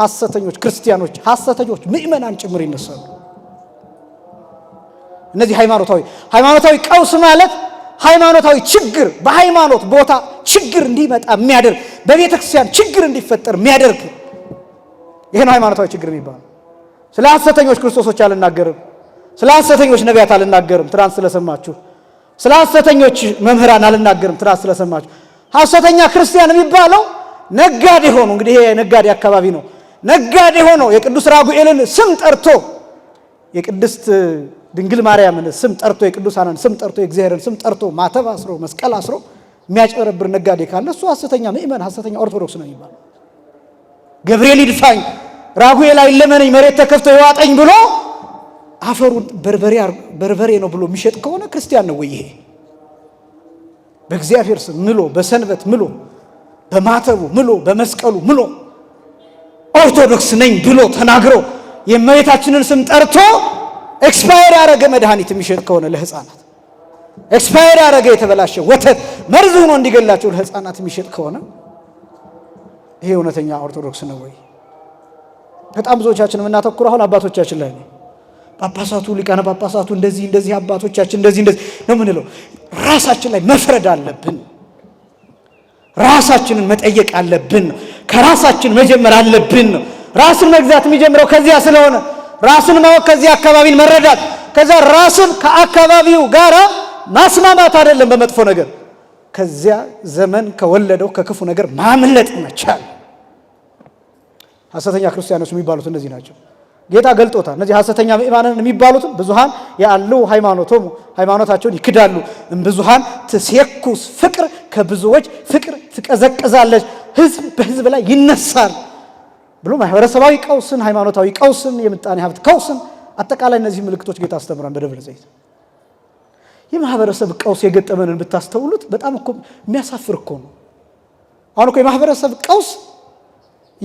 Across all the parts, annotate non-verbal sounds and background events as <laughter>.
ሐሰተኞች ክርስቲያኖች፣ ሐሰተኞች ምእመናን ጭምር ይነሳሉ። እነዚህ ሃይማኖታዊ ሃይማኖታዊ ቀውስ ማለት ሃይማኖታዊ ችግር በሃይማኖት ቦታ ችግር እንዲመጣ የሚያደርግ በቤተ ክርስቲያን ችግር እንዲፈጠር የሚያደርግ ይህ ነው ሃይማኖታዊ ችግር የሚባለው። ስለ ሐሰተኞች ክርስቶሶች አልናገርም። ስለ ሐሰተኞች ነቢያት አልናገርም፣ ትናንት ስለሰማችሁ። ስለ ሐሰተኞች መምህራን አልናገርም፣ ትናንት ስለሰማችሁ። ሐሰተኛ ክርስቲያን የሚባለው ነጋዴ ሆኑ እንግዲህ ይሄ ነጋዴ አካባቢ ነው። ነጋዴ ሆኖ የቅዱስ ራጉኤልን ስም ጠርቶ የቅድስት ድንግል ማርያምን ስም ጠርቶ የቅዱሳንን ስም ጠርቶ የእግዚአብሔርን ስም ጠርቶ ማተብ አስሮ መስቀል አስሮ የሚያጨበረብር ነጋዴ ካለ እሱ ሐሰተኛ ምእመን ሐሰተኛ ኦርቶዶክስ ነው የሚባለው። ገብርኤል ይድፋኝ፣ ራጉኤል አይለመነኝ፣ መሬት ተከፍቶ ይዋጠኝ ብሎ አፈሩን በርበሬ ነው ብሎ የሚሸጥ ከሆነ ክርስቲያን ነው ወይ? ይሄ በእግዚአብሔር ስም ምሎ በሰንበት ምሎ በማተቡ ምሎ በመስቀሉ ምሎ ኦርቶዶክስ ነኝ ብሎ ተናግሮ የእመቤታችንን ስም ጠርቶ ኤክስፓየር ያደረገ መድኃኒት የሚሸጥ ከሆነ ለህፃናት ኤክስፓየር ያደረገ የተበላሸ ወተት መርዝ ሆኖ እንዲገላቸው ለህፃናት የሚሸጥ ከሆነ ይሄ እውነተኛ ኦርቶዶክስ ነው ወይ? በጣም ብዙዎቻችን የምናተኩር አሁን አባቶቻችን ላይ ነው። ጳጳሳቱ፣ ሊቃነ ጳጳሳቱ እንደዚህ እንደዚህ፣ አባቶቻችን እንደዚህ እንደዚህ ነው የምንለው። ራሳችን ላይ መፍረድ አለብን። ራሳችንን መጠየቅ አለብን። ከራሳችን መጀመር አለብን ነው። ራስን መግዛት የሚጀምረው ከዚያ ስለሆነ ራስን ማወቅ ከዚያ አካባቢን መረዳት ከዛ ራስን ከአካባቢው ጋር ማስማማት አይደለም በመጥፎ ነገር ከዚያ ዘመን ከወለደው ከክፉ ነገር ማምለጥ መቻል። ሐሰተኛ ክርስቲያኖች የሚባሉት እነዚህ ናቸው። ጌታ ገልጦታል። እነዚህ ሐሰተኛ ምእማንን የሚባሉትም ብዙሃን ያሉ ሃይማኖቶም ሃይማኖታቸውን ይክዳሉ። እምብዙሃን ትሴኩስ ፍቅር ከብዙዎች ፍቅር ትቀዘቅዛለች። ህዝብ በህዝብ ላይ ይነሳል ብሎ ማህበረሰባዊ ቀውስን፣ ሃይማኖታዊ ቀውስን፣ የምጣኔ ሀብት ቀውስን አጠቃላይ እነዚህ ምልክቶች ጌታ አስተምረን በደብረ ዘይት የማህበረሰብ ቀውስ የገጠመንን ብታስተውሉት በጣም እኮ የሚያሳፍር እኮ ነው። አሁን እኮ የማህበረሰብ ቀውስ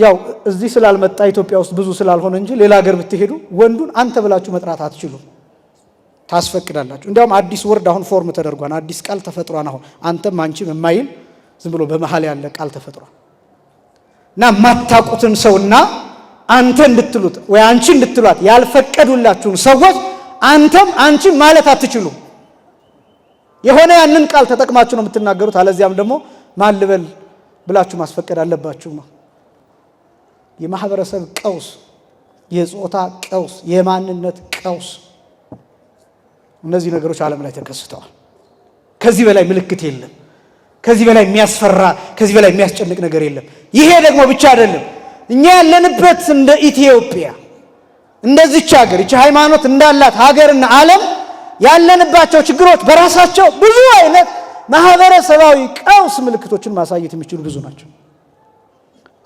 ያው እዚህ ስላልመጣ ኢትዮጵያ ውስጥ ብዙ ስላልሆነ እንጂ ሌላ ሀገር ብትሄዱ ወንዱን አንተ ብላችሁ መጥራት አትችሉም፣ ታስፈቅዳላችሁ። እንዲያውም አዲስ ወርድ አሁን ፎርም ተደርጓል፣ አዲስ ቃል ተፈጥሯን። አሁን አንተም አንቺም የማይል ዝም ብሎ በመሀል ያለ ቃል ተፈጥሯል። እና የማታውቁትን ሰውና አንተ እንድትሉት ወይ አንቺ እንድትሏት ያልፈቀዱላችሁን ሰዎች አንተም አንቺ ማለት አትችሉም። የሆነ ያንን ቃል ተጠቅማችሁ ነው የምትናገሩት። አለዚያም ደግሞ ማልበል ብላችሁ ማስፈቀድ አለባችሁ። የማህበረሰብ ቀውስ፣ የጾታ ቀውስ፣ የማንነት ቀውስ፣ እነዚህ ነገሮች ዓለም ላይ ተከስተዋል። ከዚህ በላይ ምልክት የለም። ከዚህ በላይ የሚያስፈራ ከዚህ በላይ የሚያስጨንቅ ነገር የለም። ይሄ ደግሞ ብቻ አይደለም። እኛ ያለንበት እንደ ኢትዮጵያ እንደዚች ሀገር ይቺ ሃይማኖት እንዳላት ሀገርና ዓለም ያለንባቸው ችግሮች በራሳቸው ብዙ አይነት ማህበረሰባዊ ቀውስ ምልክቶችን ማሳየት የሚችሉ ብዙ ናቸው።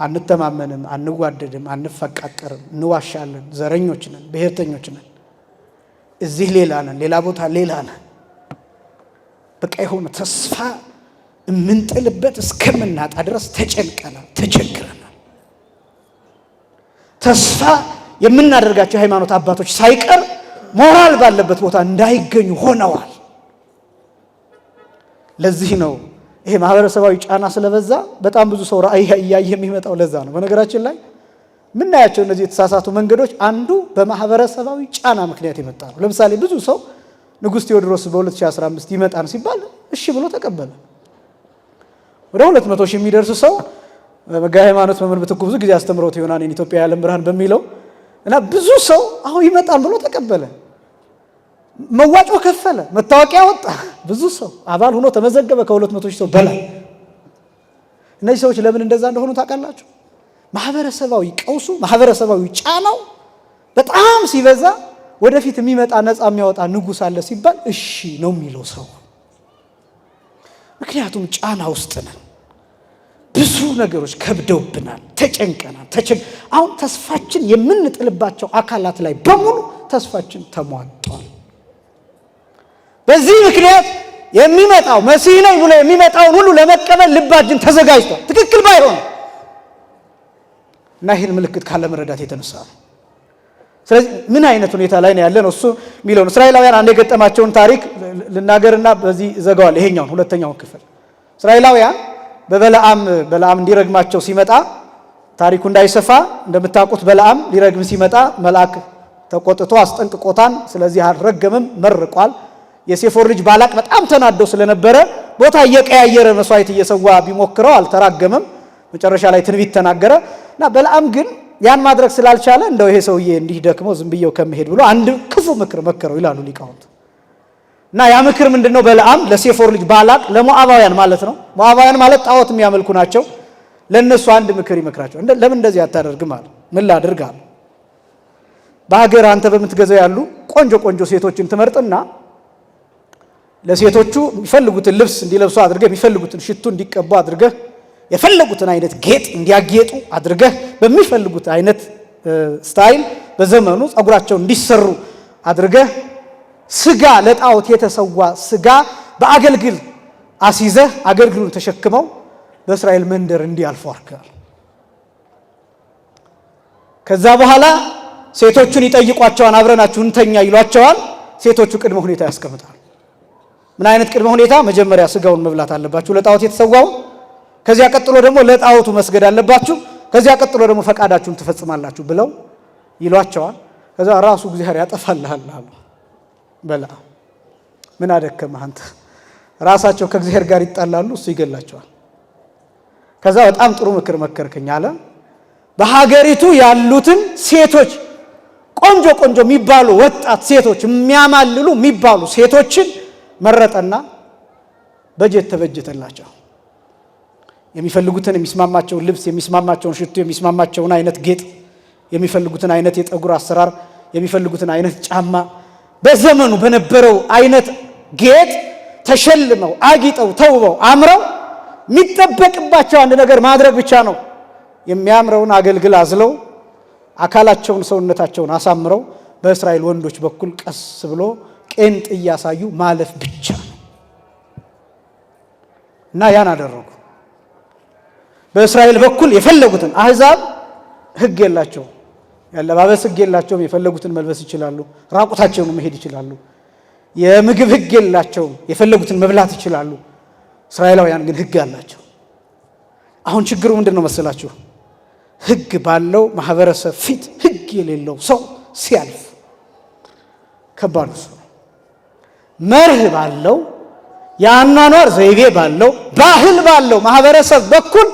አንተማመንም፣ አንዋደድም፣ አንፈቃቀርም፣ እንዋሻለን፣ ዘረኞች ነን፣ ብሔርተኞች ነን፣ እዚህ ሌላ ነን፣ ሌላ ቦታ ሌላ ነን። በቃ የሆነ ተስፋ የምንጥልበት እስከምናጣ ድረስ ተጨንቀናል፣ ተቸግረናል። ተስፋ የምናደርጋቸው የሃይማኖት አባቶች ሳይቀር ሞራል ባለበት ቦታ እንዳይገኙ ሆነዋል። ለዚህ ነው ይሄ ማህበረሰባዊ ጫና ስለበዛ በጣም ብዙ ሰው ራእይ እያየ የሚመጣው ለዛ ነው። በነገራችን ላይ የምናያቸው እነዚህ የተሳሳቱ መንገዶች አንዱ በማህበረሰባዊ ጫና ምክንያት የመጣ ነው። ለምሳሌ ብዙ ሰው ንጉሥ ቴዎድሮስ በ2015 ይመጣን ሲባል እሺ ብሎ ተቀበለ። ወደ ሁለት መቶ ሺህ የሚደርስ ሰው መጋ ሃይማኖት መምህር ምትኩ ብዙ ጊዜ አስተምሮት ይሆናል ኢትዮጵያ የዓለም ብርሃን በሚለው እና ብዙ ሰው አሁን ይመጣል ብሎ ተቀበለ። መዋጮ ከፈለ፣ መታወቂያ ወጣ። ብዙ ሰው አባል ሆኖ ተመዘገበ፣ ከሁለት መቶ ሺህ ሰው በላይ። እነዚህ ሰዎች ለምን እንደዛ እንደሆኑ ታውቃላችሁ? ማህበረሰባዊ ቀውሱ፣ ማህበረሰባዊ ጫናው በጣም ሲበዛ ወደፊት የሚመጣ ነፃ የሚያወጣ ንጉሥ አለ ሲባል እሺ ነው የሚለው ሰው ምክንያቱም ጫና ውስጥ ነን። ብዙ ነገሮች ከብደውብናል፣ ተጨንቀናል። አሁን ተስፋችን የምንጥልባቸው አካላት ላይ በሙሉ ተስፋችን ተሟጧል። በዚህ ምክንያት የሚመጣው መሲህ ነኝ ብሎ የሚመጣውን ሁሉ ለመቀበል ልባችን ተዘጋጅቷል። ትክክል ባይሆን እና ይህን ምልክት ካለመረዳት የተነሳ ነው። ስለዚህ ምን አይነት ሁኔታ ላይ ነው ነው እሱ የሚለው እስራኤላውያን አንድ የገጠማቸውን ታሪክ ልናገርና በዚህ ዘገዋል ይሄኛውን ሁለተኛውን ክፍል እስራኤላውያን በበለአም በለአም እንዲረግማቸው ሲመጣ ታሪኩ እንዳይሰፋ እንደምታውቁት በለአም ሊረግም ሲመጣ መልአክ ተቆጥቶ አስጠንቅቆታን። ስለዚህ አልረገምም፣ መርቋል። የሴፎር ልጅ ባላቅ በጣም ተናዶ ስለነበረ ቦታ እየቀያየረ መስዋዕት እየሰዋ ቢሞክረው አልተራገመም። መጨረሻ ላይ ትንቢት ተናገረ እና በለአም ግን ያን ማድረግ ስላልቻለ እንደው ይሄ ሰውዬ እንዲህ ደክሞ ዝም ብዬው ከመሄድ ብሎ አንድ ክፉ ምክር መከረው ይላሉ ሊቃውንት። እና ያ ምክር ምንድን ነው? በለዓም ለሴፎር ልጅ ባላቅ ለሞዓባውያን ማለት ነው። ሞዓባውያን ማለት ጣዖት የሚያመልኩ ናቸው። ለእነሱ አንድ ምክር ይመክራቸው። ለምን እንደዚህ አታደርግም አለ። ምን ላድርግ አለ። በሀገር አንተ በምትገዛው ያሉ ቆንጆ ቆንጆ ሴቶችን ትመርጥና ለሴቶቹ የሚፈልጉትን ልብስ እንዲለብሱ አድርገህ የሚፈልጉትን ሽቱ እንዲቀቡ አድርገህ የፈለጉትን አይነት ጌጥ እንዲያጌጡ አድርገህ በሚፈልጉት አይነት ስታይል በዘመኑ ጸጉራቸው እንዲሰሩ አድርገህ ስጋ ለጣዖት የተሰዋ ስጋ በአገልግል አስይዘህ አገልግሉን ተሸክመው በእስራኤል መንደር እንዲያልፉ አርገል። ከዛ በኋላ ሴቶቹን ይጠይቋቸዋል። አብረናችሁ እንተኛ ይሏቸዋል። ሴቶቹ ቅድመ ሁኔታ ያስቀምጣል። ምን አይነት ቅድመ ሁኔታ? መጀመሪያ ስጋውን መብላት አለባችሁ ለጣዖት የተሰዋውን ከዚያ ቀጥሎ ደግሞ ለጣዖቱ መስገድ አለባችሁ፣ ከዚያ ቀጥሎ ደግሞ ፈቃዳችሁን ትፈጽማላችሁ ብለው ይሏቸዋል። ከዛ ራሱ እግዚአብሔር ያጠፋልሃል አሉ። በላ ምን አደከመህ አንተ። ራሳቸው ከእግዚአብሔር ጋር ይጣላሉ፣ እሱ ይገላቸዋል። ከዛ በጣም ጥሩ ምክር መከርከኝ አለ። በሀገሪቱ ያሉትን ሴቶች ቆንጆ ቆንጆ የሚባሉ ወጣት ሴቶች የሚያማልሉ የሚባሉ ሴቶችን መረጠና በጀት ተበጀተላቸው። የሚፈልጉትን የሚስማማቸውን ልብስ፣ የሚስማማቸውን ሽቱ፣ የሚስማማቸውን አይነት ጌጥ፣ የሚፈልጉትን አይነት የጠጉር አሰራር፣ የሚፈልጉትን አይነት ጫማ በዘመኑ በነበረው አይነት ጌጥ ተሸልመው አጊጠው ተውበው አምረው የሚጠበቅባቸው አንድ ነገር ማድረግ ብቻ ነው። የሚያምረውን አገልግል አዝለው አካላቸውን ሰውነታቸውን አሳምረው በእስራኤል ወንዶች በኩል ቀስ ብሎ ቄንጥ እያሳዩ ማለፍ ብቻ ነው እና ያን አደረጉ። በእስራኤል በኩል የፈለጉትን አህዛብ ህግ የላቸው ያለባበስ ህግ የላቸውም። የፈለጉትን መልበስ ይችላሉ። ራቁታቸውን መሄድ ይችላሉ። የምግብ ህግ የላቸውም። የፈለጉትን መብላት ይችላሉ። እስራኤላውያን ግን ህግ አላቸው። አሁን ችግሩ ምንድን ነው መሰላችሁ? ህግ ባለው ማህበረሰብ ፊት ህግ የሌለው ሰው ሲያልፍ ከባዱ ሰው መርህ ባለው የአኗኗር ዘይቤ ባለው ባህል ባለው ማህበረሰብ በኩል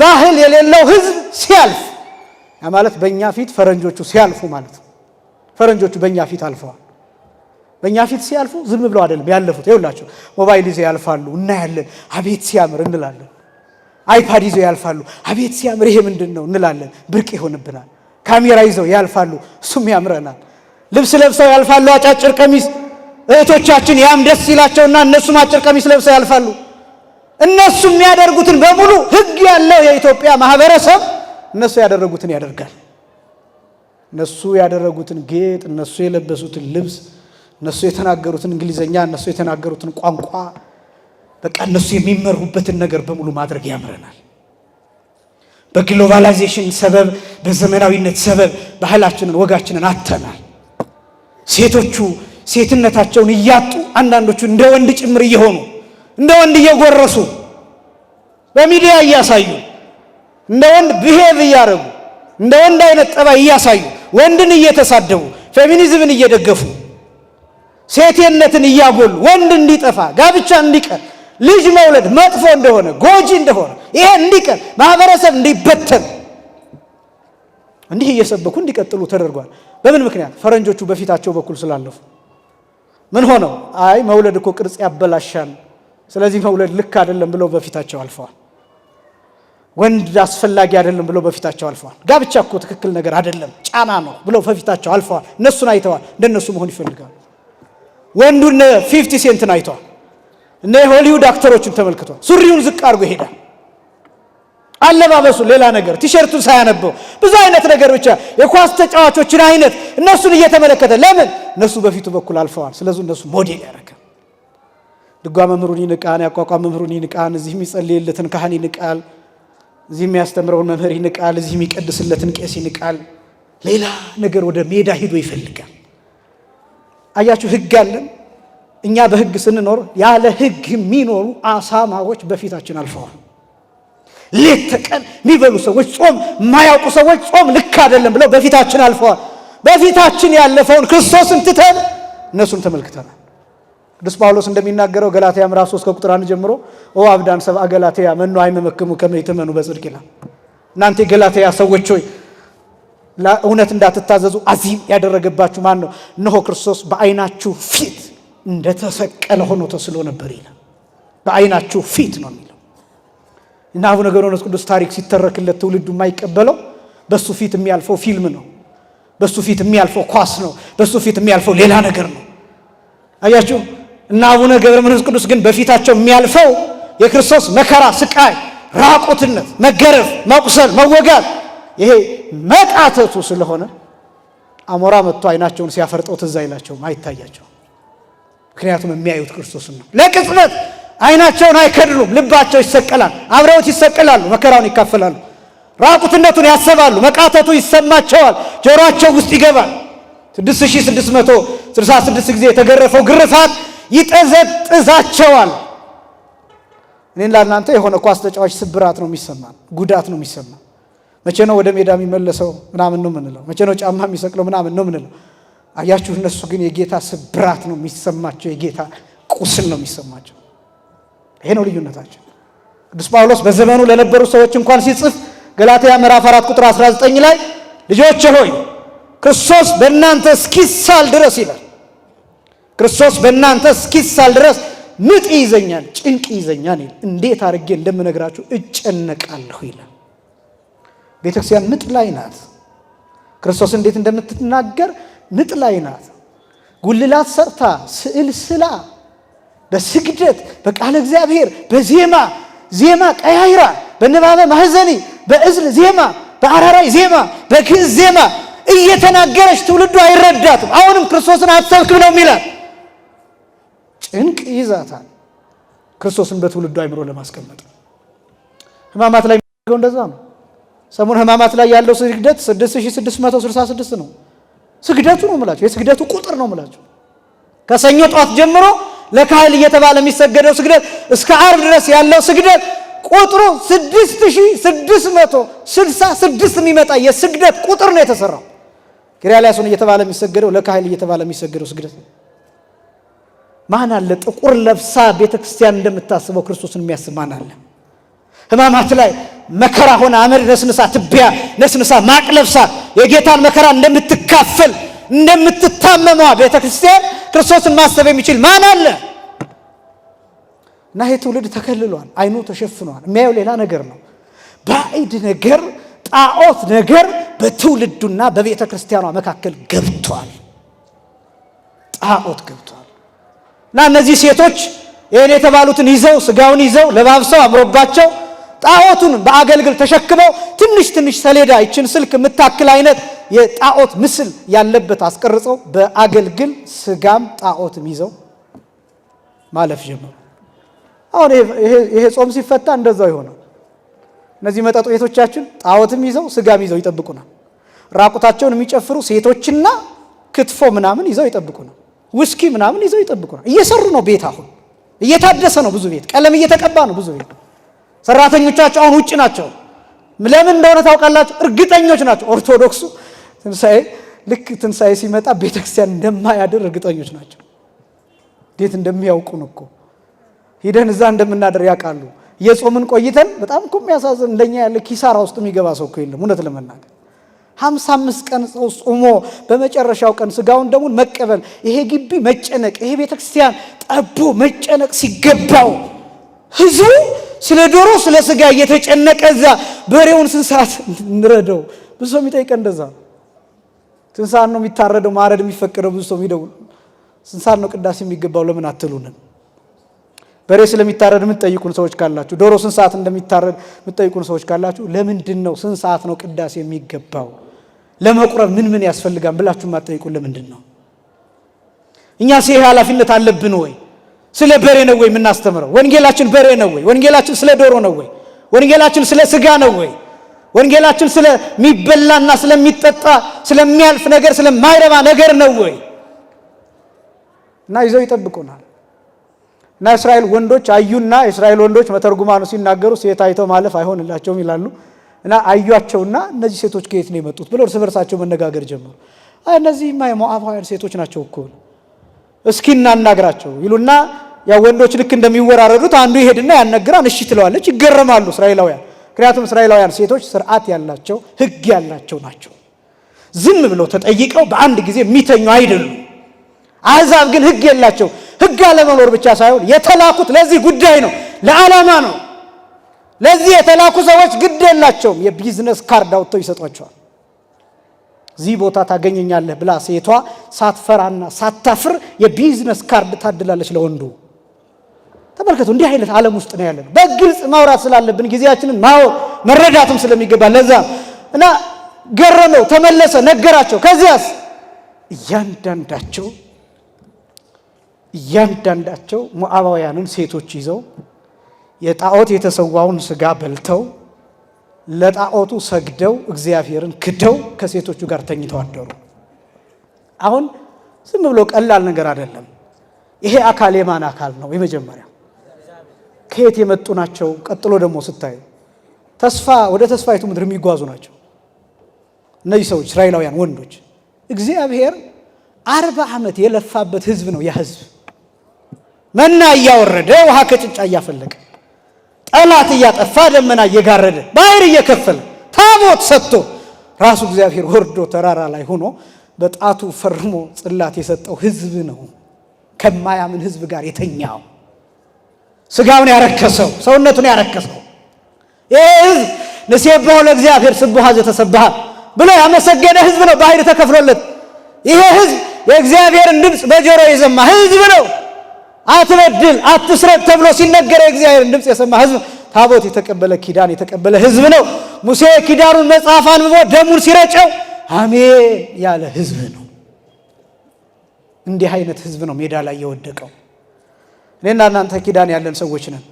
ባህል የሌለው ህዝብ ሲያልፍ ያ ማለት በእኛ ፊት ፈረንጆቹ ሲያልፉ ማለት ነው። ፈረንጆቹ በእኛ ፊት አልፈዋል። በእኛ ፊት ሲያልፉ ዝም ብለው አይደለም ያለፉት። ይኸውላችሁ ሞባይል ይዘው ያልፋሉ፣ እናያለን። አቤት ሲያምር እንላለን። አይፓድ ይዘው ያልፋሉ። አቤት ሲያምር ይሄ ምንድን ነው እንላለን። ብርቅ ይሆንብናል። ካሜራ ይዘው ያልፋሉ፣ እሱም ያምረናል። ልብስ ለብሰው ያልፋሉ፣ አጫጭር ቀሚስ። እህቶቻችን ያም ደስ ይላቸውና እነሱም አጭር ቀሚስ ለብሰው ያልፋሉ። እነሱ የሚያደርጉትን በሙሉ ህግ ያለው የኢትዮጵያ ማህበረሰብ እነሱ ያደረጉትን ያደርጋል። እነሱ ያደረጉትን ጌጥ፣ እነሱ የለበሱትን ልብስ፣ እነሱ የተናገሩትን እንግሊዝኛ እነሱ የተናገሩትን ቋንቋ፣ በቃ እነሱ የሚመሩበትን ነገር በሙሉ ማድረግ ያምረናል። በግሎባላይዜሽን ሰበብ፣ በዘመናዊነት ሰበብ ባህላችንን ወጋችንን አተናል። ሴቶቹ ሴትነታቸውን እያጡ አንዳንዶቹ እንደ ወንድ ጭምር እየሆኑ እንደ ወንድ እየጎረሱ በሚዲያ እያሳዩ እንደ ወንድ ብሄቭ እያደረጉ እንደ ወንድ አይነት ጠባይ እያሳዩ ወንድን እየተሳደቡ ፌሚኒዝምን እየደገፉ ሴቴነትን እያጎሉ ወንድ እንዲጠፋ ጋብቻ እንዲቀር ልጅ መውለድ መጥፎ እንደሆነ ጎጂ እንደሆነ ይሄ እንዲቀር ማህበረሰብ እንዲበተን እንዲህ እየሰበኩ እንዲቀጥሉ ተደርጓል። በምን ምክንያት? ፈረንጆቹ በፊታቸው በኩል ስላለፉ። ምን ሆነው? አይ መውለድ እኮ ቅርጽ ያበላሻል ስለዚህ መውለድ ልክ አይደለም ብለው በፊታቸው አልፈዋል። ወንድ አስፈላጊ አይደለም ብለው በፊታቸው አልፈዋል። ጋብቻ እኮ ትክክል ነገር አይደለም ጫና ነው ብለው በፊታቸው አልፈዋል። እነሱን አይተዋል። እንደነሱ መሆን ይፈልጋሉ። ወንዱን ፊፍቲ ሴንትን አይተዋል። እነ የሆሊውድ አክተሮችን ተመልክቷል። ሱሪውን ዝቅ አድርጎ ይሄዳል። አለባበሱ ሌላ ነገር፣ ቲሸርቱን ሳያነበው ብዙ አይነት ነገር ብቻ የኳስ ተጫዋቾችን አይነት እነሱን እየተመለከተ ለምን እነሱ በፊቱ በኩል አልፈዋል። ስለዚህ እነሱ ሞዴል ድጓ መምህሩን ይንቃን፣ ያቋቋም መምህሩን ይንቃን፣ እዚህ የሚጸልይለትን ካህን ይንቃል፣ እዚህ የሚያስተምረውን መምህር ይንቃል፣ እዚህ የሚቀድስለትን ቄስ ይንቃል። ሌላ ነገር ወደ ሜዳ ሂዶ ይፈልጋል። አያችሁ፣ ህግ አለን። እኛ በህግ ስንኖር ያለ ህግ የሚኖሩ አሳማዎች በፊታችን አልፈዋል። ሌት ተቀን የሚበሉ ሰዎች፣ ጾም የማያውቁ ሰዎች ጾም ልክ አይደለም ብለው በፊታችን አልፈዋል። በፊታችን ያለፈውን ክርስቶስን ትተን እነሱን ተመልክተናል። ቅዱስ ጳውሎስ እንደሚናገረው ገላትያ ምዕራፍ 3 ከቁጥር 1 ጀምሮ ኦ አብዳን ሰብአ ገላትያ መኑ አይመመክሙ ከመ ይትመኑ በጽድቅ ይላል። እናንተ ገላትያ ሰዎች ሆይ ለእውነት እንዳትታዘዙ አዚም ያደረገባችሁ ማን ነው? እነሆ ክርስቶስ በዓይናችሁ ፊት እንደተሰቀለ ሆኖ ተስሎ ነበር ይላል። በዓይናችሁ ፊት ነው የሚለው እና አቡነ ገብረመንፈስ ቅዱስ ታሪክ ሲተረክለት ትውልዱ የማይቀበለው በሱ ፊት የሚያልፈው ፊልም ነው። በሱ ፊት የሚያልፈው ኳስ ነው። በሱ ፊት የሚያልፈው ሌላ ነገር ነው። አያችሁ። እና አቡነ ገብረ መንፈስ ቅዱስ ግን በፊታቸው የሚያልፈው የክርስቶስ መከራ፣ ስቃይ፣ ራቁትነት፣ መገረፍ፣ መቁሰል፣ መወጋት ይሄ መቃተቱ ስለሆነ አሞራ መጥቶ አይናቸውን ሲያፈርጠው ትዝ አይላቸውም፣ አይታያቸውም። ምክንያቱም የሚያዩት ክርስቶስን ነው። ለቅጽበት አይናቸውን አይከድሉም፣ ልባቸው ይሰቀላል፣ አብረውት ይሰቀላሉ፣ መከራውን ይካፈላሉ፣ ራቁትነቱን ያሰባሉ፣ መቃተቱ ይሰማቸዋል፣ ጆሮአቸው ውስጥ ይገባል። 6666 ጊዜ የተገረፈው ግርፋት ይጠዘጥዛቸዋል። እኔን ላናንተ የሆነ ኳስ ተጫዋች ስብራት ነው የሚሰማን፣ ጉዳት ነው የሚሰማን። መቼ ነው ወደ ሜዳ የሚመለሰው ምናምን ነው ምንለው። መቼ ነው ጫማ የሚሰቅለው ምናምን ነው ምንለው። አያችሁ፣ እነሱ ግን የጌታ ስብራት ነው የሚሰማቸው፣ የጌታ ቁስል ነው የሚሰማቸው። ይሄ ነው ልዩነታቸው። ቅዱስ ጳውሎስ በዘመኑ ለነበሩ ሰዎች እንኳን ሲጽፍ ገላትያ ምዕራፍ 4 ቁጥር 19 ላይ ልጆች ሆይ ክርስቶስ በእናንተ እስኪሳል ድረስ ይላል ክርስቶስ በእናንተ እስኪሳል ድረስ ምጥ ይዘኛል፣ ጭንቅ ይዘኛል። እንዴት አድርጌ እንደምነግራችሁ እጨነቃለሁ ይላል። ቤተክርስቲያን ምጥ ላይ ናት። ክርስቶስ እንዴት እንደምትናገር ምጥ ላይ ናት። ጉልላት ሰርታ ስዕል ስላ በስግደት በቃለ እግዚአብሔር በዜማ ዜማ ቀያይራ በንባበ ማህዘኒ በእዝል ዜማ በአራራይ ዜማ በግዕዝ ዜማ እየተናገረች ትውልዱ አይረዳትም። አሁንም ክርስቶስን አትሰብክም ነው የሚላት ጭንቅ ይዛታል። ክርስቶስን በትውልዱ አይምሮ ለማስቀመጥ ህማማት ላይ የሚያደርገው እንደዛ ነው። ሰሙን ህማማት ላይ ያለው ስግደት 6666 ነው። ስግደቱ ነው ምላቸው፣ የስግደቱ ቁጥር ነው ምላቸው። ከሰኞ ጠዋት ጀምሮ ለካህል እየተባለ የሚሰገደው ስግደት እስከ አርብ ድረስ ያለው ስግደት ቁጥሩ 6666 የሚመጣ የስግደት ቁጥር ነው የተሰራው። ኪርያላይሶን እየተባለ የሚሰገደው ለካህል እየተባለ የሚሰገደው ስግደት ነው። ማን አለ? ጥቁር ለብሳ ቤተ ክርስቲያን እንደምታስበው ክርስቶስን የሚያስብ ማን አለ? ሕማማት ላይ መከራ ሆነ አመድ ነስንሳ ትቢያ ነስንሳ ማቅ ለብሳ የጌታን መከራ እንደምትካፈል እንደምትታመመ ቤተ ክርስቲያን ክርስቶስን ማሰብ የሚችል ማን አለ? እና ይህ ትውልድ ተከልሏል። አይኑ ተሸፍኗል። የሚያየው ሌላ ነገር ነው። ባዕድ ነገር፣ ጣዖት ነገር በትውልዱና በቤተ ክርስቲያኗ መካከል ገብቷል። ጣዖት ገብቷል። እና እነዚህ ሴቶች ይህን የተባሉትን ይዘው ስጋውን ይዘው ለባብሰው አምሮባቸው ጣዖቱን በአገልግል ተሸክመው ትንሽ ትንሽ ሰሌዳ ይችን ስልክ የምታክል አይነት የጣዖት ምስል ያለበት አስቀርጸው በአገልግል ስጋም ጣዖትም ይዘው ማለፍ ጀመሩ። አሁን ይሄ ጾም ሲፈታ እንደዛው ይሆናል። እነዚህ መጠጥ ቤቶቻችን ጣዖትም ይዘው ስጋም ይዘው ይጠብቁናል። ራቁታቸውን የሚጨፍሩ ሴቶችና ክትፎ ምናምን ይዘው ይጠብቁናል። ውስኪ ምናምን ይዘው ይጠብቁናል። እየሰሩ ነው። ቤት አሁን እየታደሰ ነው። ብዙ ቤት ቀለም እየተቀባ ነው። ብዙ ቤት ሰራተኞቻቸው አሁን ውጭ ናቸው። ለምን እንደሆነ ታውቃላችሁ? እርግጠኞች ናቸው። ኦርቶዶክሱ ትንሣኤ ልክ ትንሣኤ ሲመጣ ቤተክርስቲያን እንደማያድር እርግጠኞች ናቸው። እንዴት እንደሚያውቁን እኮ ሂደን እዛ እንደምናደር ያውቃሉ። የጾምን ቆይተን በጣም እኮ የሚያሳዝን እንደኛ ያለ ኪሳራ ውስጥ የሚገባ ሰው እኮ የለም እውነት ለመናገር ሀምሳ አምስት ቀን ጾሞ በመጨረሻው ቀን ስጋውን ደሙን መቀበል ይሄ ግቢ መጨነቅ ይሄ ቤተ ክርስቲያን ጠቦ መጨነቅ ሲገባው ህዝቡ ስለ ዶሮ ስለ ስጋ እየተጨነቀ እዛ በሬውን ስንት ሰዓት እንረደው? ብዙ ሰው የሚጠይቀ እንደዛ ስንት ሰዓት ነው የሚታረደው ማረድ የሚፈቀደው? ብዙ ሰው የሚደውል ስንት ሰዓት ነው ቅዳሴ የሚገባው ለምን አትሉንም? በሬ ስለሚታረድ የምትጠይቁን ሰዎች ካላችሁ፣ ዶሮ ስንት ሰዓት እንደሚታረድ የምትጠይቁን ሰዎች ካላችሁ፣ ለምንድን ነው ስንት ሰዓት ነው ቅዳሴ የሚገባው? ለመቁረብ ምን ምን ያስፈልጋል ብላችሁ ማጠይቁ ለምንድን ነው? እኛ ይሄ ኃላፊነት አለብን ወይ? ስለ በሬ ነው ወይ የምናስተምረው? ወንጌላችን በሬ ነው ወይ? ወንጌላችን ስለ ዶሮ ነው ወይ? ወንጌላችን ስለ ስጋ ነው ወይ? ወንጌላችን ስለሚበላና ስለሚጠጣ ስለሚያልፍ ነገር ስለማይረባ ነገር ነው ወይ? እና ይዘው ይጠብቁናል። እና እስራኤል ወንዶች አዩና፣ እስራኤል ወንዶች መተርጉማኑ ሲናገሩ ሴት አይተው ማለፍ አይሆንላቸውም ይላሉ። እና አዩቸውና እነዚህ ሴቶች ከየት ነው የመጡት ብለው እርስ በርሳቸው መነጋገር ጀመሩ። እነዚህማ የሞዓባውያን ሴቶች ናቸው እኮ እስኪ እናናግራቸው ይሉና ያው ወንዶች ልክ እንደሚወራረዱት አንዱ ይሄድና ያነግራን እሺ ትለዋለች። ይገረማሉ እስራኤላውያን። ምክንያቱም እስራኤላውያን ሴቶች ስርዓት ያላቸው ህግ ያላቸው ናቸው። ዝም ብለው ተጠይቀው በአንድ ጊዜ የሚተኙ አይደሉም። አሕዛብ ግን ህግ የላቸው። ህግ አለመኖር ብቻ ሳይሆን የተላኩት ለዚህ ጉዳይ ነው፣ ለዓላማ ነው። ለዚህ የተላኩ ሰዎች ግድ የላቸውም። የቢዝነስ ካርድ አውጥተው ይሰጧቸዋል። እዚህ ቦታ ታገኘኛለህ ብላ ሴቷ ሳትፈራና ሳታፍር የቢዝነስ ካርድ ታድላለች ለወንዱ። ተመልከቱ፣ እንዲህ አይነት ዓለም ውስጥ ነው ያለነው። በግልጽ ማውራት ስላለብን ጊዜያችንን ማወቅ መረዳትም ስለሚገባ ለዛ እና ገረመው፣ ተመለሰ፣ ነገራቸው። ከዚያስ እያንዳንዳቸው እያንዳንዳቸው ሞዓባውያንን ሴቶች ይዘው የጣዖት የተሰዋውን ስጋ በልተው ለጣዖቱ ሰግደው እግዚአብሔርን ክደው ከሴቶቹ ጋር ተኝተው አደሩ። አሁን ዝም ብሎ ቀላል ነገር አይደለም። ይሄ አካል የማን አካል ነው? የመጀመሪያ ከየት የመጡ ናቸው? ቀጥሎ ደግሞ ስታዩ ተስፋ ወደ ተስፋይቱ ምድር የሚጓዙ ናቸው። እነዚህ ሰዎች እስራኤላውያን ወንዶች እግዚአብሔር አርባ ዓመት የለፋበት ህዝብ ነው። ያ ህዝብ መና እያወረደ ውሃ ከጭንጫ እያፈለቀ ጠላት እያጠፋ ደመና እየጋረደ ባህር እየከፈለ ታቦት ሰጥቶ ራሱ እግዚአብሔር ወርዶ ተራራ ላይ ሆኖ በጣቱ ፈርሞ ጽላት የሰጠው ህዝብ ነው። ከማያምን ህዝብ ጋር የተኛው ስጋውን ያረከሰው ሰውነቱን ያረከሰው ይህ ሕዝብ ንሴብሖ ለእግዚአብሔር ስቡሐ ዘተሰብሐ ብሎ ያመሰገነ ህዝብ ነው። ባህር ተከፍሎለት ይሄ ህዝብ የእግዚአብሔርን ድምፅ በጆሮ የዘማ ህዝብ ነው። አትበድል፣ አትስረቅ ተብሎ ሲነገረ የእግዚአብሔርን ድምፅ የሰማ ህዝብ ታቦት የተቀበለ ኪዳን የተቀበለ ህዝብ ነው። ሙሴ ኪዳኑን መጽሐፍ አንብቦ ደሙን ሲረጨው አሜን ያለ ህዝብ ነው። እንዲህ አይነት ህዝብ ነው ሜዳ ላይ የወደቀው። እኔና እናንተ ኪዳን ያለን ሰዎች ነን።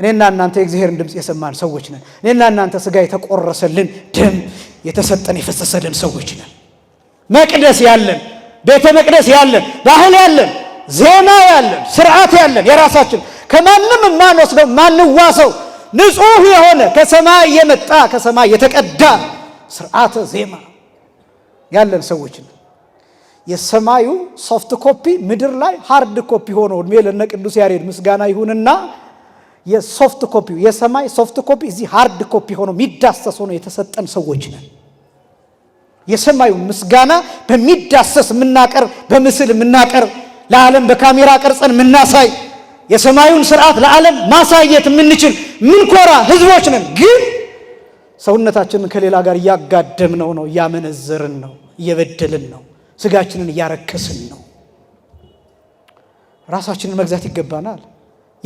እኔና እናንተ የእግዚአብሔርን ድምፅ የሰማን ሰዎች ነን። እኔና እናንተ ስጋ የተቆረሰልን ደም የተሰጠን የፈሰሰልን ሰዎች ነን። መቅደስ ያለን ቤተ መቅደስ ያለን ባህል ያለን ዜማ ያለን ስርዓት ያለን የራሳችን ከማንም የማንወስደው ማንዋሰው ንጹህ የሆነ ከሰማይ የመጣ ከሰማይ የተቀዳ ስርዓተ ዜማ ያለን ሰዎች ነው። የሰማዩ ሶፍት ኮፒ ምድር ላይ ሃርድ ኮፒ ሆኖ እድሜ ለነ ቅዱስ ያሬድ ምስጋና ይሁንና የሶፍት ኮፒ የሰማይ ሶፍት ኮፒ እዚህ ሃርድ ኮፒ ሆኖ የሚዳሰስ ሆኖ የተሰጠን ሰዎች ነን። የሰማዩ ምስጋና በሚዳሰስ የምናቀርብ በምስል የምናቀርብ ለዓለም በካሜራ ቀርጸን ምናሳይ የሰማዩን ስርዓት ለዓለም ማሳየት የምንችል ምንኮራ ህዝቦች ነን። ግን ሰውነታችንን ከሌላ ጋር እያጋደምነው ነው፣ እያመነዘርን ነው፣ እየበደልን ነው፣ ስጋችንን እያረከስን ነው። ራሳችንን መግዛት ይገባናል።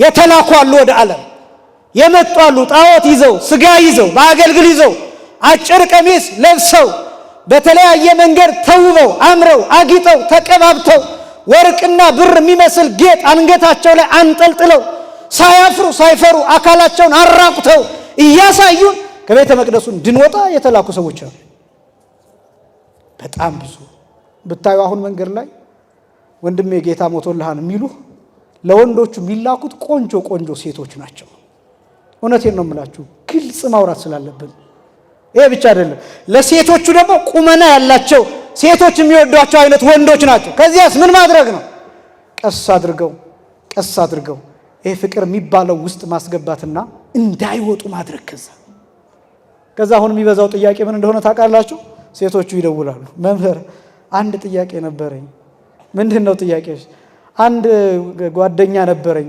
የተላኩ አሉ፣ ወደ ዓለም የመጡ አሉ። ጣዖት ይዘው ስጋ ይዘው በአገልግል ይዘው አጭር ቀሚስ ለብሰው በተለያየ መንገድ ተውበው አምረው አጊጠው ተቀባብተው ወርቅና ብር የሚመስል ጌጥ አንገታቸው ላይ አንጠልጥለው ሳያፍሩ ሳይፈሩ አካላቸውን አራቁተው እያሳዩን ከቤተ መቅደሱ እንድንወጣ የተላኩ ሰዎች አሉ። በጣም ብዙ ብታዩ፣ አሁን መንገድ ላይ ወንድሜ ጌታ ሞቶልሃን የሚሉ ለወንዶቹ የሚላኩት ቆንጆ ቆንጆ ሴቶች ናቸው። እውነቴን ነው የምላችሁ፣ ግልጽ ማውራት ስላለብን ይሄ ብቻ አይደለም። ለሴቶቹ ደግሞ ቁመና ያላቸው ሴቶች የሚወዷቸው አይነት ወንዶች ናቸው። ከዚያስ ምን ማድረግ ነው? ቀስ አድርገው ቀስ አድርገው ይሄ ፍቅር የሚባለው ውስጥ ማስገባትና እንዳይወጡ ማድረግ። ከዛ ከዛ አሁን የሚበዛው ጥያቄ ምን እንደሆነ ታውቃላችሁ? ሴቶቹ ይደውላሉ። መምህር አንድ ጥያቄ ነበረኝ። ምንድን ነው ጥያቄ? አንድ ጓደኛ ነበረኝ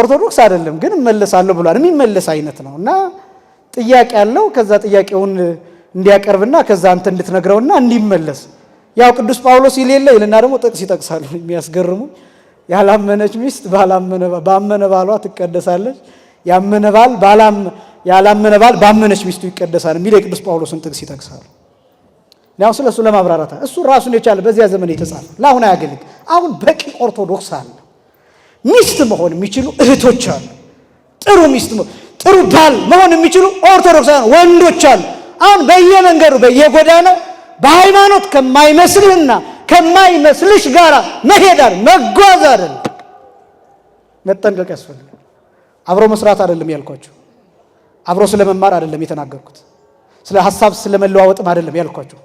ኦርቶዶክስ አይደለም ግን እመለሳለሁ ብሏል። የሚመለስ አይነት ነው እና ጥያቄ አለው። ከዛ ጥያቄውን እንዲያቀርብና ከዛ አንተ እንድትነግረውና እንዲመለስ ያው ቅዱስ ጳውሎስ ይል የለ ይልና ደግሞ ጥቅስ ይጠቅሳሉ <laughs> የሚያስገርሙ ያላመነች ሚስት ባመነ ባሏ ትቀደሳለች፣ ያመነ ባል ያላመነ ባል ባመነች ሚስቱ ይቀደሳል የሚል የቅዱስ ጳውሎስን ጥቅስ ይጠቅሳሉ። ያው ስለ እሱ ለማብራራት እሱ ራሱን የቻለ በዚያ ዘመን የተጻፈ ለአሁን አያገልግ። አሁን በቂ ኦርቶዶክስ አለ። ሚስት መሆን የሚችሉ እህቶች አሉ። ጥሩ ሚስት ጥሩ ባል መሆን የሚችሉ ኦርቶዶክሳውያን ወንዶች አሉ። አሁን በየመንገዱ በየጎዳናው በሃይማኖት ከማይመስልህና ከማይመስልሽ ጋር መሄዳል መጓዝ አይደለም መጠንቀቅ ያስፈልጋል። አብሮ መስራት አይደለም ያልኳቸው፣ አብሮ ስለመማር አይደለም የተናገርኩት፣ ስለ ሀሳብ ስለመለዋወጥም አይደለም ያልኳቸው፣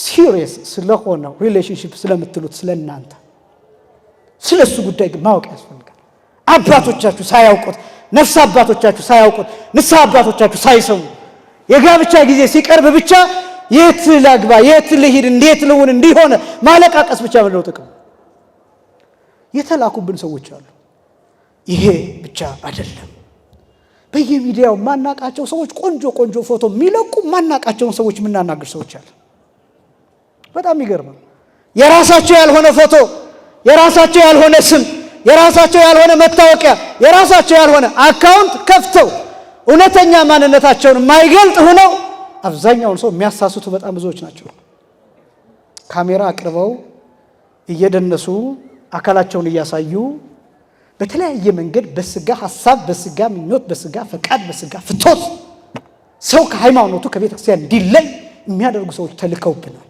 ሲሪየስ ስለሆነ ሪሌሽንሽፕ ስለምትሉት ስለ እናንተ ስለ እሱ ጉዳይ ግን ማወቅ ያስፈልጋል። አባቶቻችሁ ሳያውቁት ነፍስ አባቶቻችሁ ሳያውቁት ንስሐ አባቶቻችሁ ሳይሰሙ የጋብቻ ጊዜ ሲቀርብ ብቻ የት ላግባ፣ የት ልሂድ፣ እንዴት ልውን እንዲሆነ ማለቃቀስ ብቻ ነው ጥቅም? የተላኩብን ሰዎች አሉ። ይሄ ብቻ አይደለም። በየሚዲያው ማናቃቸው ሰዎች ቆንጆ ቆንጆ ፎቶ የሚለቁ ማናቃቸውን ሰዎች የምናናግር ሰዎች አለ። በጣም ይገርማል። የራሳቸው ያልሆነ ፎቶ፣ የራሳቸው ያልሆነ ስም የራሳቸው ያልሆነ መታወቂያ፣ የራሳቸው ያልሆነ አካውንት ከፍተው እውነተኛ ማንነታቸውን የማይገልጥ ሆነው አብዛኛውን ሰው የሚያሳስቱ በጣም ብዙዎች ናቸው። ካሜራ አቅርበው እየደነሱ አካላቸውን እያሳዩ በተለያየ መንገድ በስጋ ሀሳብ፣ በስጋ ምኞት፣ በስጋ ፈቃድ፣ በስጋ ፍቶት ሰው ከሃይማኖቱ ከቤተ ክርስቲያን እንዲለይ የሚያደርጉ ሰዎች ተልከውብናል።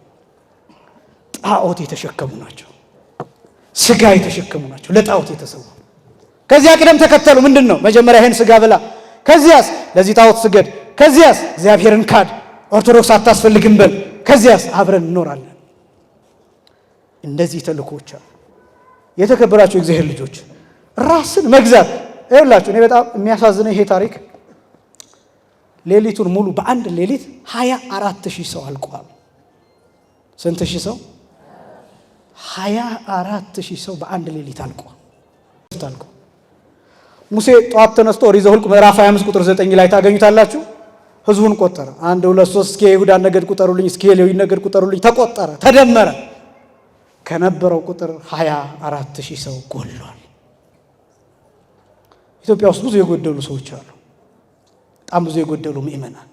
ጣዖት የተሸከሙ ናቸው። ስጋ የተሸከሙ ናቸው፣ ለጣዖት የተሰዉ። ከዚያ ቅደም ተከተሉ ምንድን ነው? መጀመሪያ ይህን ስጋ ብላ፣ ከዚያስ ለዚህ ጣዖት ስገድ፣ ከዚያስ እግዚአብሔርን ካድ፣ ኦርቶዶክስ አታስፈልግም በል፣ ከዚያስ አብረን እኖራለን። እንደዚህ ተልኮዎች አሉ። እግዚአብሔር ልጆች ራስን መግዛት ይኸውላችሁ፣ እኔ በጣም የሚያሳዝነው ይሄ ታሪክ ሌሊቱን ሙሉ በአንድ ሌሊት ሀያ አራት ሺህ ሰው አልቋል። ስንት ሺህ ሰው ሀያ አራት ሺህ ሰው በአንድ ሌሊት አልቆ ሙሴ ጠዋት ተነስቶ ኦሪት ዘኍልቍ ምዕራፍ 25 ቁጥር 9 ላይ ታገኙታላችሁ። ህዝቡን ቆጠረ። አንድ ሁለት ሶስት እስኪ ይሁዳ ነገድ ቁጠሩልኝ፣ እስከ ሌዊ ነገድ ቁጠሩልኝ። ተቆጠረ፣ ተደመረ። ከነበረው ቁጥር ሀያ አራት ሺህ ሰው ጎሏል። ኢትዮጵያ ውስጥ ብዙ የጎደሉ ሰዎች አሉ። በጣም ብዙ የጎደሉ ምእመናን፣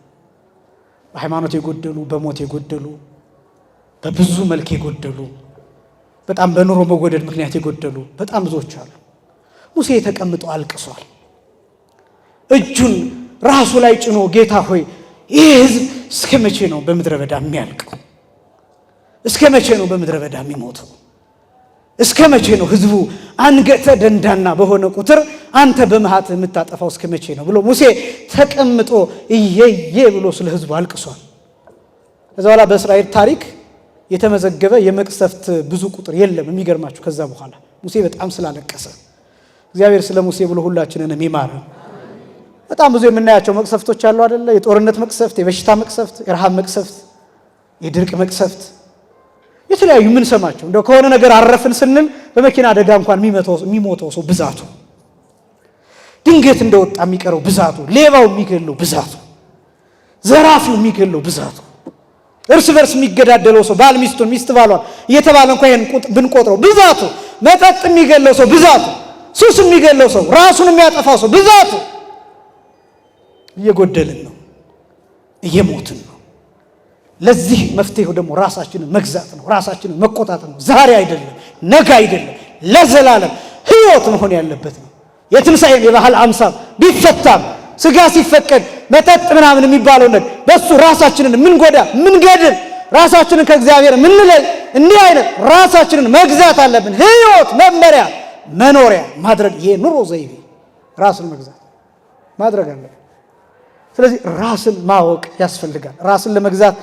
በሃይማኖት የጎደሉ፣ በሞት የጎደሉ፣ በብዙ መልክ የጎደሉ በጣም በኑሮ መወደድ ምክንያት የጎደሉ በጣም ብዙዎች አሉ። ሙሴ ተቀምጦ አልቅሷል። እጁን ራሱ ላይ ጭኖ ጌታ ሆይ ይህ ህዝብ እስከ መቼ ነው በምድረ በዳ የሚያልቀው? እስከ መቼ ነው በምድረ በዳ የሚሞተው? እስከ መቼ ነው ህዝቡ አንገተ ደንዳና በሆነ ቁጥር አንተ በመሃት የምታጠፋው እስከ መቼ ነው ብሎ ሙሴ ተቀምጦ እየየ ብሎ ስለ ህዝቡ አልቅሷል። ከዛ በኋላ በእስራኤል ታሪክ የተመዘገበ የመቅሰፍት ብዙ ቁጥር የለም። የሚገርማችሁ ከዛ በኋላ ሙሴ በጣም ስላለቀሰ እግዚአብሔር ስለ ሙሴ ብሎ ሁላችንንም ይማረ። በጣም ብዙ የምናያቸው መቅሰፍቶች አሉ አደለ? የጦርነት መቅሰፍት፣ የበሽታ መቅሰፍት፣ የረሃብ መቅሰፍት፣ የድርቅ መቅሰፍት፣ የተለያዩ የምንሰማቸው እንደ ከሆነ ነገር አረፍን ስንል በመኪና አደጋ እንኳን የሚሞተው ሰው ብዛቱ፣ ድንገት እንደወጣ የሚቀረው ብዛቱ፣ ሌባው የሚገለው ብዛቱ፣ ዘራፊው የሚገለው ብዛቱ እርስ በርስ የሚገዳደለው ሰው ባል ሚስቱን፣ ሚስት ባሏን እየተባለ እንኳ ይህን ብንቆጥረው ብዛቱ፣ መጠጥ የሚገለው ሰው ብዛቱ፣ ሱስ የሚገለው ሰው፣ ራሱን የሚያጠፋ ሰው ብዛቱ፣ እየጎደልን ነው፣ እየሞትን ነው። ለዚህ መፍትሄው ደግሞ ራሳችንን መግዛት ነው፣ ራሳችንን መቆጣጠር ነው። ዛሬ አይደለም፣ ነገ አይደለም፣ ለዘላለም ህይወት መሆን ያለበት ነው። የትንሣኤም የባህል አምሳብ ቢፈታም ስጋ ሲፈቀድ መጠጥ ምናምን የሚባለው ነገር በሱ ራሳችንን ምንጎዳ ምንገድል ራሳችንን ከእግዚአብሔር ምንለይ እንዲህ አይነት ራሳችንን መግዛት አለብን። ህይወት መመሪያ መኖሪያ ማድረግ የኑሮ ዘይቤ ራስን መግዛት ማድረግ አለብን። ስለዚህ ራስን ማወቅ ያስፈልጋል። ራስን ለመግዛት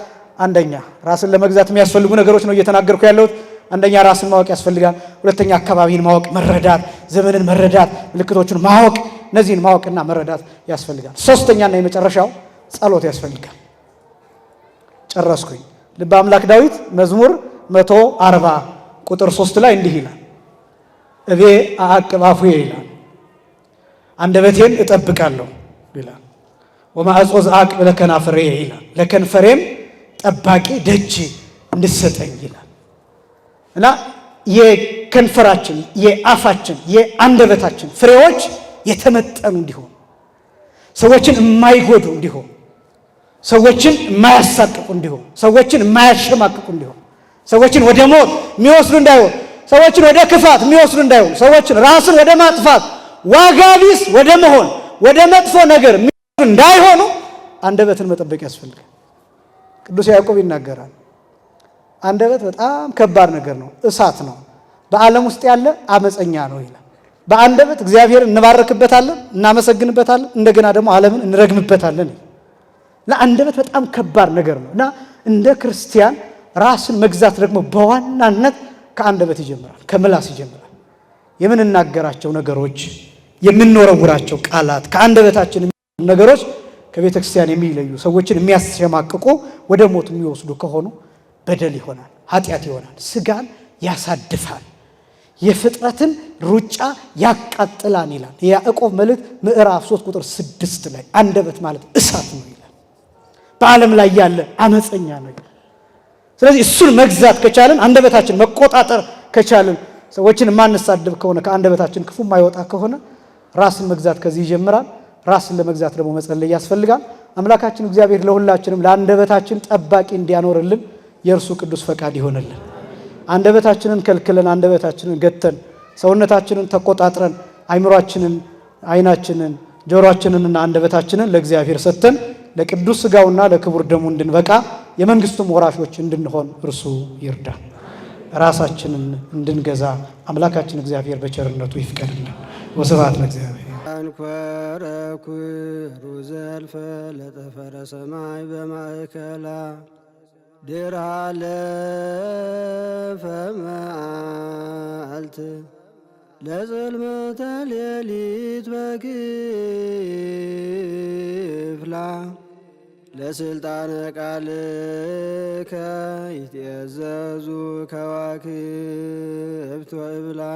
አንደኛ ራስን ለመግዛት የሚያስፈልጉ ነገሮች ነው እየተናገርኩ ያለሁት። አንደኛ ራስን ማወቅ ያስፈልጋል። ሁለተኛ አካባቢን ማወቅ መረዳት፣ ዘመንን መረዳት፣ ምልክቶችን ማወቅ እነዚህን ማወቅና መረዳት ያስፈልጋል። ሶስተኛና የመጨረሻው ጸሎት ያስፈልጋል። ጨረስኩኝ። ልበ አምላክ ዳዊት መዝሙር መቶ አርባ ቁጥር ሶስት ላይ እንዲህ ይላል፣ እቤ አዕቅብ አፉየ ይላል፣ አንደበቴን እጠብቃለሁ ይላል። ወማዕጾ ዘአቅብ ለከናፍሬ ይላል፣ ለከንፈሬም ጠባቂ ደጅ እንድሰጠኝ ይላል እና የከንፈራችን የአፋችን የአንደበታችን ፍሬዎች የተመጠኑ እንዲሆኑ፣ ሰዎችን የማይጎዱ እንዲሆኑ፣ ሰዎችን የማያሳቅቁ እንዲሆኑ፣ ሰዎችን የማያሸማቅቁ እንዲሆኑ፣ ሰዎችን ወደ ሞት የሚወስዱ እንዳይሆኑ፣ ሰዎችን ወደ ክፋት የሚወስዱ እንዳይሆኑ፣ ሰዎችን ራስን ወደ ማጥፋት ዋጋ ቢስ ወደ መሆን ወደ መጥፎ ነገር የሚወስዱ እንዳይሆኑ አንደበትን መጠበቅ ያስፈልጋል። ቅዱስ ያዕቆብ ይናገራል። አንደበት በጣም ከባድ ነገር ነው፣ እሳት ነው፣ በዓለም ውስጥ ያለ አመፀኛ ነው ይላል። በአንደበት እግዚአብሔር እንባረክበታለን፣ እናመሰግንበታለን፣ እንደገና ደግሞ ዓለምን እንረግምበታለን። ለአንደበት በጣም ከባድ ነገር ነው እና እንደ ክርስቲያን ራስን መግዛት ደግሞ በዋናነት ከአንደበት ይጀምራል፣ ከምላስ ይጀምራል። የምንናገራቸው ነገሮች፣ የምንወረውራቸው ቃላት፣ ከአንደበታችን ነገሮች ከቤተ ክርስቲያን የሚለዩ ሰዎችን የሚያሸማቅቁ ወደ ሞት የሚወስዱ ከሆኑ በደል ይሆናል፣ ኃጢአት ይሆናል፣ ስጋን ያሳድፋል። የፍጥረትን ሩጫ ያቃጥላል ይላል የያዕቆብ መልእክት ምዕራፍ 3 ቁጥር 6 ላይ አንደበት ማለት እሳት ነው ይላል። በዓለም ላይ ያለ አመፀኛ ነው ይላል። ስለዚህ እሱን መግዛት ከቻልን አንደበታችን መቆጣጠር ከቻለን፣ ሰዎችን የማንሳደብ ከሆነ ከአንደበታችን ክፉ የማይወጣ ከሆነ ራስን መግዛት ከዚህ ይጀምራል። ራስን ለመግዛት ደግሞ መጸለይ ያስፈልጋል። አምላካችን እግዚአብሔር ለሁላችንም ለአንደበታችን ጠባቂ እንዲያኖርልን የእርሱ ቅዱስ ፈቃድ ይሆንልን። አንደበታችንን ከልክለን አንደበታችንን ገተን ሰውነታችንን ተቆጣጥረን አይምሯችንን፣ አይናችንን፣ ጆሮአችንንና አንደበታችንን ለእግዚአብሔር ሰጥተን ለቅዱስ ስጋውና ለክቡር ደሙ እንድንበቃ የመንግስቱም ወራሾች እንድንሆን እርሱ ይርዳ። ራሳችንን እንድንገዛ አምላካችን እግዚአብሔር በቸርነቱ ይፍቀድልን። ወስብሐት ለእግዚአብሔር። አንኮረኩሩ ዘልፈ ለጠፈረ ሰማይ በማእከላ ድራለፈ መዓልት ለጽልመተ ሌሊት በክፍላ ለስልጣነ ቃልከ ይትእዘዙ ከዋክብት ወእብላ